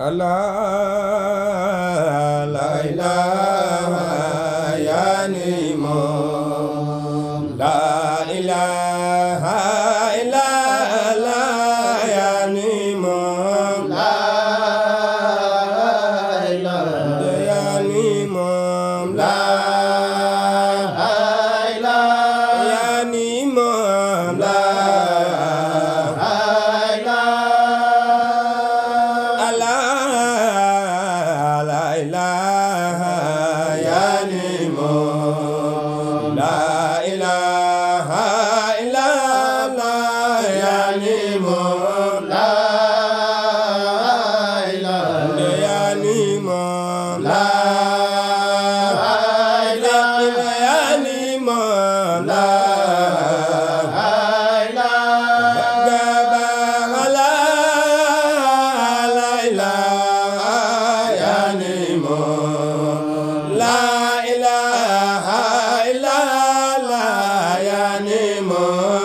Allah la ilaha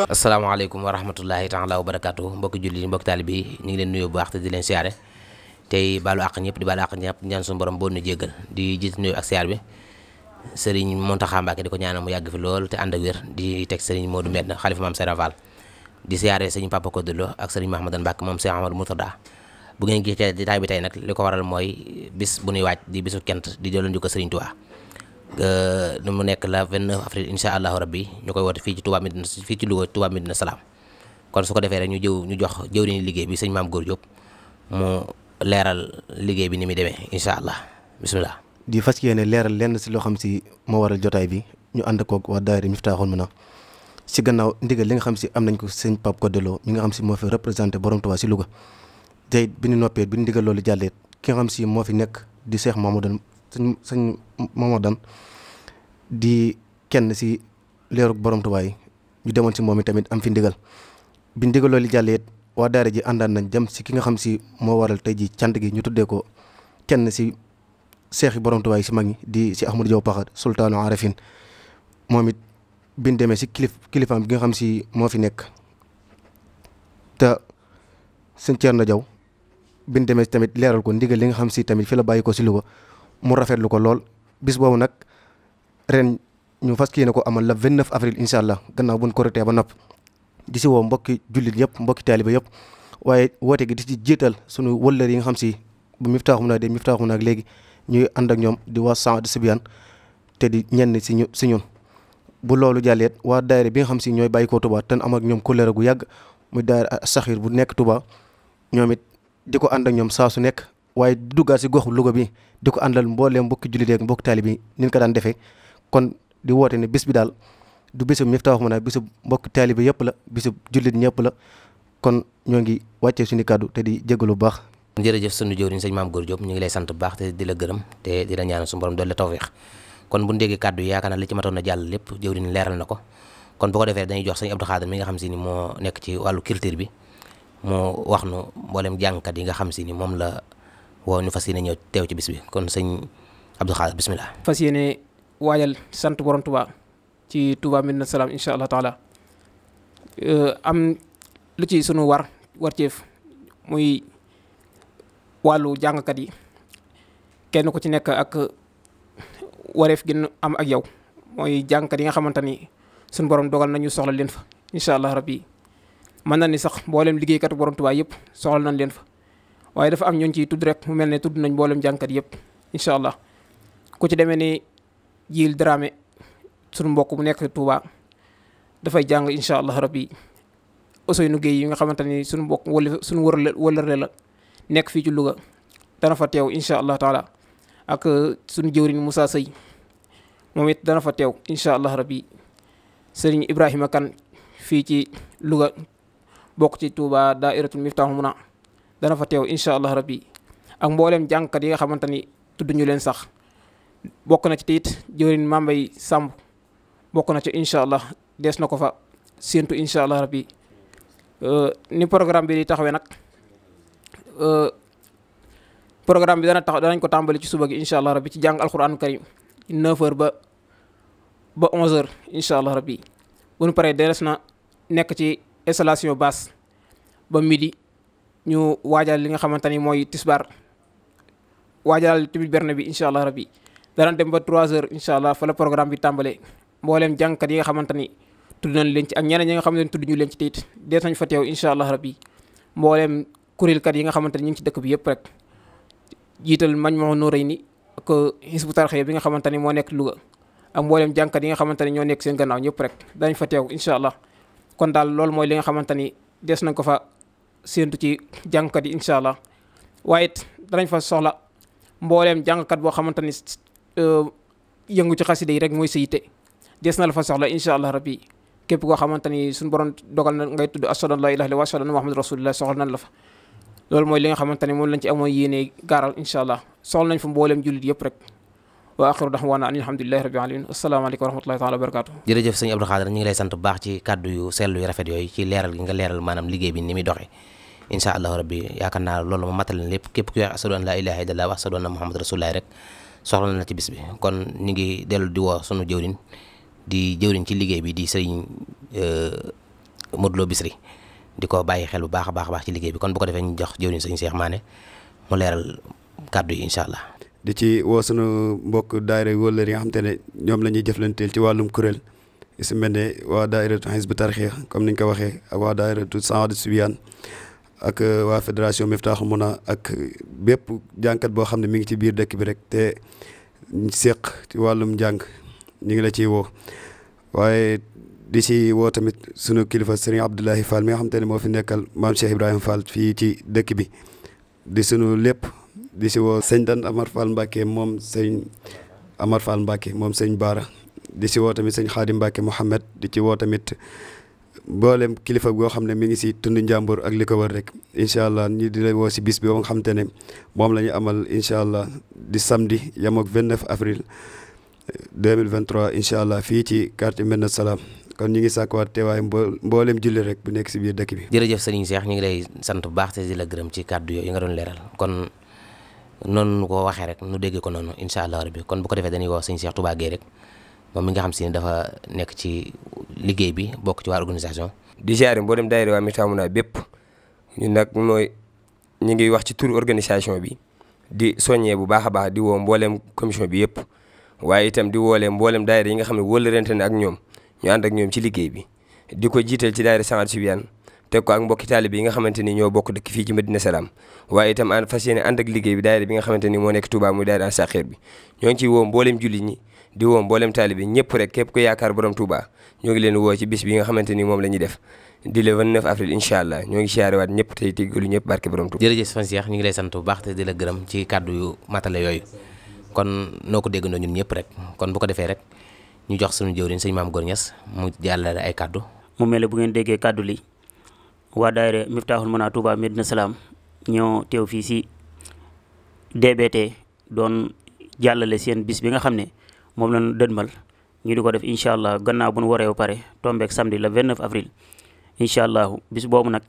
asalaamaaleykum wa rahmatullahi taala wa barakaatu mbokki jullit yi mbokki taalibe yi ñu ngi leen nuyu bu baax te di leen siyaare tey baalu àq ñëpp di baalu àq ñëpp ñaan suñu borom boo nu jéggal di jiit nuyu ak siyaar bi sëriñ Mountakha Mbacké di ko ñaanal mu yàgg fi lool te ànd ak wér di teg sëriñ Modou Medna xalifa maam Serigne Fall di siyaare sëriñ Papa Kodulo ak sëriñ Mahamadan Mbacké moom Cheikh Amadou Moutada bu ngeen gisee jotaay bi tey nag li ko waral mooy bis bu ñuy waaj di bisu kent di delloo njukkal sëriñ Touba Euh, nu mu nekk la 29 avril incha allahu rabbi ñu koy woote fii ci Touba Medina fii ci Louga Touba Medina Salaam kon su ko defee rek ñu jëw ñu jox jëw ni liggéey bi sëñ Maam Góor Diop mu leeral liggéey bi ni muy demee incha allah bisimilah. di fas yéene leeral lenn si loo xam si moo waral jotaay bi ñu ànd koog waa daayira Miftaaxul Mina si gannaaw ndigal li nga xam si am nañ ko sëñ Pape Codé Lo mi nga xam si fi représenté borom Touba si Louga tey bi ñu noppee bi ñu ndigal loolu jàllee ki nga xam si moo fi nekk di seex Cheikh Mamadou sëñ sëñ Mamadou di kenn si leerug borom Tuubaa yi ñu demoon si moom i tamit am fi ndigal bi li loolu jàll it waa daara ji àndaan nañ jëm si ki nga xam si moo waral tey ji cant gi ñu tuddee ko kenn si seexi borom Tuubaa si mag ñi di si Ahmadou Diaw Pakha sultaanu arafin moom it bi ñu si kilif kilifaam bi nga xam si moo fi nekk te sëñ Thierno Diaw bi ñu tamit leeral ko ndigal li nga xam si tamit fi la bàyyi ko si Louga mu rafetlu ko lool bis boobu nag ren ñu fas yéene ko amal la 29 avril incha allah gannaaw buñ korité ba nopp di si woo mbokki jullit yëpp mbokki taaliba yëpp waaye woote gi di si jiital sunu wëllër yi nga xam si bu miftaaxum naa de miftaaxum naag léegi ñuy ànd ak ñoom di waa sant di sibiyan te di ñenn si ñu si ñun bu loolu jàlleet waa daayira bi nga xam si ñooy bàyyi ko Touba te am ak ñoom kóllëre gu yàgg muy a saxir bu nekk Touba ñoom it di ko ànd ñoom saa su nekk waaye di duggaat si goxu Louga bi di ko àndal mbooleem mbokki jullit ak mbokki taali bi ni ñu ko daan defee kon di woote ne bis bi daal du bisub Miftahoul Mouna bisub mbokki taali bi yëpp la bisub jullit ñëpp la kon ñoo ngi wàccee suñu kàddu te di jégalu bu baax. jërëjëf sunu jëwriñ sëñ Maam Góor Diop ñu ngi lay sant bu baax te di la gërëm te di la ñaan suñu borom doole tawfeex kon bu ñu kàddu yi yaakaar naa ci matoon a jàll lépp jëwriñ leeral na ko kon bu ko defee dañuy jox sëñ Abdou Khadir mi nga xam si ni moo nekk ci wàllu culture bi moo wax nu mboolem jàngkat yi nga xam si ni moom la woo ñu fas ne ñëw teew ci bis bi kon sëñ Abdou Khadre bisimilah. fas yéene waajal sant borom Touba ci Touba na Salaam incha allah taala euh, am lu ci sunu war war ceef muy wàllu jàngkat yi kenn ku ci nekk ak wareef gin am ak yow mooy jàngkat yi nga xamante ni sunu borom dogal nañu soxla leen fa incha allah rabbi mën na ni sax mboolem liggéeykatu borom Touba yëpp soxla nañ leen fa. waaye dafa am ñooñ ciy tudd rek mu mel ne tudd nañ mboolem jànkat yëpp incha allah ku ci demee ni jiil Dramé sunu mbokk mu nekk Touba dafay jàng incha allah rabbi Ousseynou Guèye yi nga xamante ni sunu mbokk wala sunu wërële la nekk fii ci Louga dana fa teew incha allah taala ak euh, sunu jëwriñ Moussa Seye moom it dana fa teew incha allah rabbi sëriñ Ibrahima kan fii ci Louga bokk ci Touba Dairatul mu Muna dana fa teew incha allah rabbi ak mbooleem jàngkat yi nga xamante ni tudd ñu leen sax bokk na ci tiit jëwriñ Mambay Samb bokk na ci incha allah dees na ko fa séentu incha allah rabbi euh, ni programme bi di taxawee nag euh, programme bi dana tax danañ ko tàmbali ci suba gi incha allah rabbi ci jàng alxuraanu karim 9h ba ba 11h incha allah rabbi bu ñu dees na nekk ci installation basse ba midi. ñu waajal li nga xamante ni mooy tisbaar waajaal tamit berne bi incha allah rabbi danañ dem ba 3 heures incha allah fa la programme bi tàmbalee mbooleem jàngkat yi nga xamante ni tudd leen ci ak ñeneen ñi nga xam ne tudd ñu leen ci teyit dees nañ fa teew incha allah rabbi yi nga xamante ni ñu ngi ci dëkk bi yëpp rek jiital Majmahun Nurayni ak Hizbut Tarqiyyah bi nga xamante ni moo nekk Louga ak mbooleem yi nga xamante ni ñoo nekk seen gannaaw ñëpp rek dañ fa teew incha allah kon daal loolu mooy li nga xamante ni dees nañ ko fa séentu ci jàngkat yi incha allah waaye it danañ fa soxla mbooleem jàngkat boo xamante ni euh, yëngu ci xasida yi rek mooy sa yitte des na la fa soxla incha allah rabbi képp koo xamante ni borom dogal na ngay tudd ashhadu an laa ilaaha illallaah wa ashhadu anna muhammadan rasulullah soxla la fa li nga xamante ni moom lañ ci amoon yéene gaaral incha allah soxla nañ fa mbooleem jullit yëpp rek wa axiru daxwaana ani alhamdulilahi rabbil alamin wa rahmatullahi taala wa barakatu jërëjëf sëñ Abdou Khadre ñu ngi lay sant baax ci kàddu yu sell yooyu ci leeral gi nga leeral maanaam liggéey bi ni muy doxee incha allahu rabbi yaakaar naa loolu ma matal leen lépp képp ku wax asadu an laa ilaaha illallah wa asadu anna muhammad rasulullah rek soxla na ci bis bi kon ñu ngi dellu di woo sunu jëwriñ di jëwriñ ci liggéey bi di sëriñ euh, Modou Lo Bichri di ko bàyyi xel bu baax a baax baax ci liggéey bi kon bu ko defee ñu jox jëwriñ sëriñ Cheikh Mané mu leeral kàddu yi incha allah. di ci woo sunu mbokk daayira wóllëri nga xam te ñoom la ñuy jëflanteel ci wàllum kuréel su mel ne waa daayiratu Hizbut Tarqiyyah comme niñ ko waxee ak waa daayiratu Saadatu Subyaan ak euh, waa fédération Miftaaxu Muna ak bépp jànkat boo xam ne mi ngi ci biir dëkk bi rek te seq ci wàllum jàng ñu ngi la ciy woo waaye di ci woo tamit sunu kilifa Serigne Abdoulahi Fall mi nga xam te ne moo fi nekkal maam Cheikh Ibrahima Fall fii ci dëkk bi di sunu lépp di ci woo sëñ Dan Amar Fall Mbacke moom sëñ Amar moom sëñ Baara di ci woo tamit sëñ Xaadim Mbacke Mouhamed di ci woo tamit. mboolem kilifa goo xam ne mi ngi si tund njàmbur ak li ko war rek incha allah ñi di la woo si bis bi ba nga xam te ne moom la ñu amal incha allah di samedi yam ak 29 avril 2023 euh, incha allah fii ci quartier Médina Salam kon ñu ngi sàkkuwaat teewaay mboolem julli rek bu nekk si biir dëkk bi. jërëjëf sëriñ Cheikh ñu ngi lay sant bu baax te di la ci kàddu yooyu nga doon leeral kon noonu nu ko waxee rek nu dégg ko noonu incha allah kon bu ko defee dañuy woo sëriñ Cheikh Touba rek. moom mi nga xam si dafa nekk ci liggéey bi bokk ci waa organisation. di ziare mboolem daayira waa Mitaamu naa bépp ñun nag mooy ñu ngi wax ci tur organisation bi di soññee bu baax a di woo mboolem commission bi yëpp waaye itam di woolee mboolem daayira yi nga xam ne wóolarante ne ak ñoom ñu ànd ak ñoom ci liggéey bi di ko jiital ci daayira Saxaat Subyaan teg ko ak mbokki taalibe yi nga xamante ni ñoo bokk dëkk fii ci Medina Salaam waaye itam ànd fas yéene ak liggéey bi daayira bi nga xamante ni moo nekk Touba muy daayira Ansaxir bi ñoo ngi ciy woo mboolem julli ñi di woo mboolem taalibe ñëpp rek képp ku yaakaar borom Touba ñoo ngi leen woo ci bis bi nga xamante ni moom la ñuy def di le 29 avril incha allah ñoo ngi siyaarewaat ñëpp tey tiggalu ñu ngi lay yu matale yooyu kon noo ko déggandoo ñun ñëpp bu ko defee rek ñu jox suñu jëwriñ sëñ Maam Góor Ñas mu jàllale ay kàddu mu mel ne bu ngeen déggee kàddu li waa daayira Miftaaxul Mana Touba Medina Salaam ñoo teew fii si DBT seen bis bi nga xam ne moom la dënmal ñu di ko def incha allah gannaaw bu nu waree ba pare tombeek samedi le 29 avril incha allahu bis boobu nag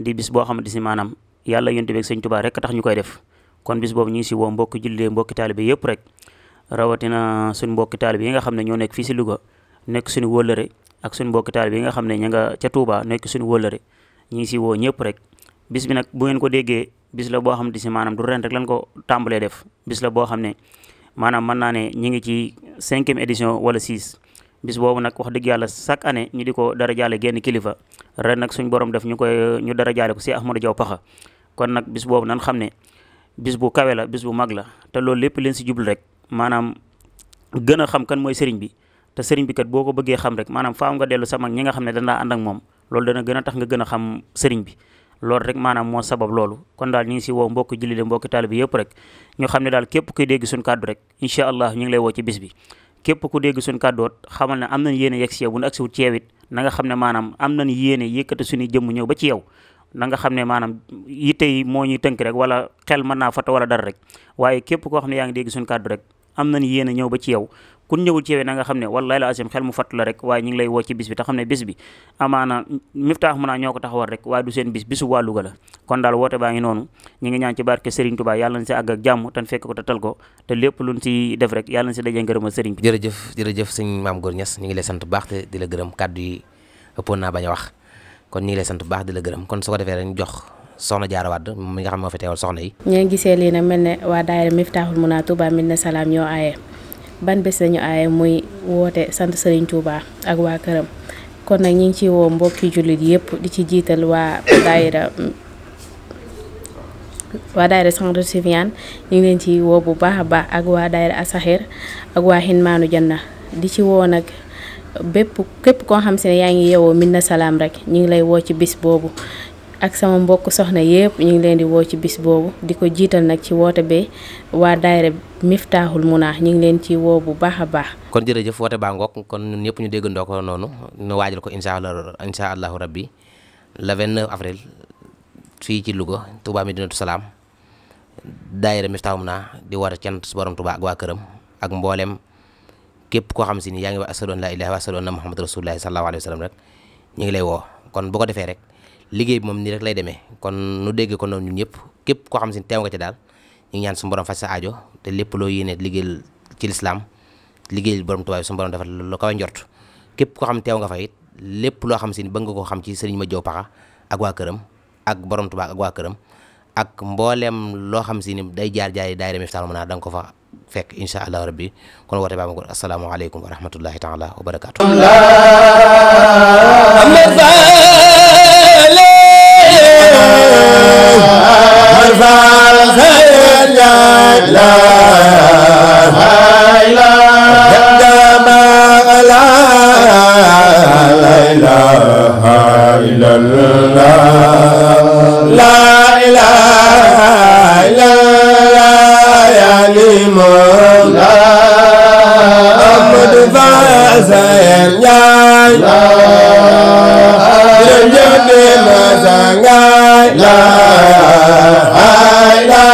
di bis boo di si maanaam yàlla yonent bi ak sëñ Tuubaa rek tax ñu koy def kon bis boobu ñu ngi si woo mbokki jullee mbokki taalibe yëpp rek rawatina suñu mbokki taalibe yi nga xam ne ñoo nekk fii si Louga nekk suñu wëllëre ak suñu mbokki taalibe nga xam ne ña nga ca Touba nekk suñu wëllëre ñu ngi si woo ñëpp rek bis bi nag bu ngeen ko déggee bis la boo xamante si maanaam du ren rek lañ ko tàmbalee def bis la boo xam ne maanaam mën naa ne ñi ngi ci cinquième édition wala six bis boobu nag wax dëgg yàlla chaque année ñu di ko dara jaale génn kilifa ren nag suñ borom def ñu koy ñu dara jaale ko si Ahmadou Diaw Pakha kon nag bis boobu nan xam ne bis bu kawe la bis bu mag la te loolu lépp leen si jublu rek maanaam gën a xam kan mooy sëriñ bi te sëriñ bi kat boo ko bëggee xam rek maanaam faaw nga dellu sama mag nga xam ne danaa ànd moom loolu dana gën a tax nga gën a xam sëriñ bi loolu rek maanaam moo sabab loolu kon daal ñu ngi si woo mbokki julli de mbokki taalibe yëpp rek ñu xam ne daal képp kuy dégg suñ kàddu rek incha allah ñu ngi lay woo ci bis bi képp ku dégg suñ kàddoot xamal ne am nañ yéene yegg si yow bu ñu agsiwut ci yow it xam ne maanaam am nañ yéene yëkkati suñuy jëmm ñëw ba ci yow nanga nga xam ne maanaam yitte yi moo ñuy tënk rek wala xel mën naa fata wala dara rek waaye képp koo xam ne yaa ngi dégg suñ kàddu rek am nañ yéene ñëw ba ci yow kun ñëwul ci yow na nga xam ne wallahi la asim xel mu fatt la rek waaye ñu ngi lay woo ci bis bi te xam ne bis bi amaana miftaax mun a wax kon ne salaam ñoo aaye ban bés lañu aaye muy woote sant Serigne Touba ak waa këram kon nag ñu ngi ci woo mbokki jullit yépp di ci jiital waa daayira waa daayira Centre ñu ngi leen ci woo bu baax a baax ak waa daayira Asaxir ak waa Xinmaanu Janna di ci woo nag bépp képp koo xam si ne yaa ngi yewoo Mina Salaam rek ñu ngi lay woo ci bis boobu ak sama mbokk soxna yépp ñu ngi leen di woo ci bis boobu di ko jiital nag ci woote bi waa daayira miftaaxul munaa ñu ngi leen ci woo bu baax a baax kon jërëjëf woote baa ngoog kon ñëpp ñu déggandoo ko noonu ñu waajal ko insha allah insha allahu rabbi le 29 avril fii ci Louga Touba Medinatoul Salam daayira miftaaxul munaa di war a cant borom Touba ak waa këram ak mboolem képp koo xam si ni yaa ngi wax ashadu an laa ilaaha wa ashadu anna muhammadu rasulullahi sallallahu alayhi rek ñu ngi lay woo kon bu ko defee rek liggéey moom nii rek lay demee kon nu dégg ko noonu ñëpp képp koo xam si ni teew nga ci daal ñu ngi su suñu borom faj sa te lépp loo yéene liggéey ci lislaam liggéeyal borom Tuubaa suñu borom defal lu kawe njort képp ko xam teew nga fa it lépp loo xam si ni bëgg nga ko xam ci sëriñ ma jow paxa ak waa këram ak borom Tuubaa ak waa këram ak mbooleem loo xam si ni day jaar jaay daayira Miftahul Manar da nga ko fa fekk insha allah rabbi kon woote baa ma aleykum wa rahmatullahi taala wa barakaatu la la la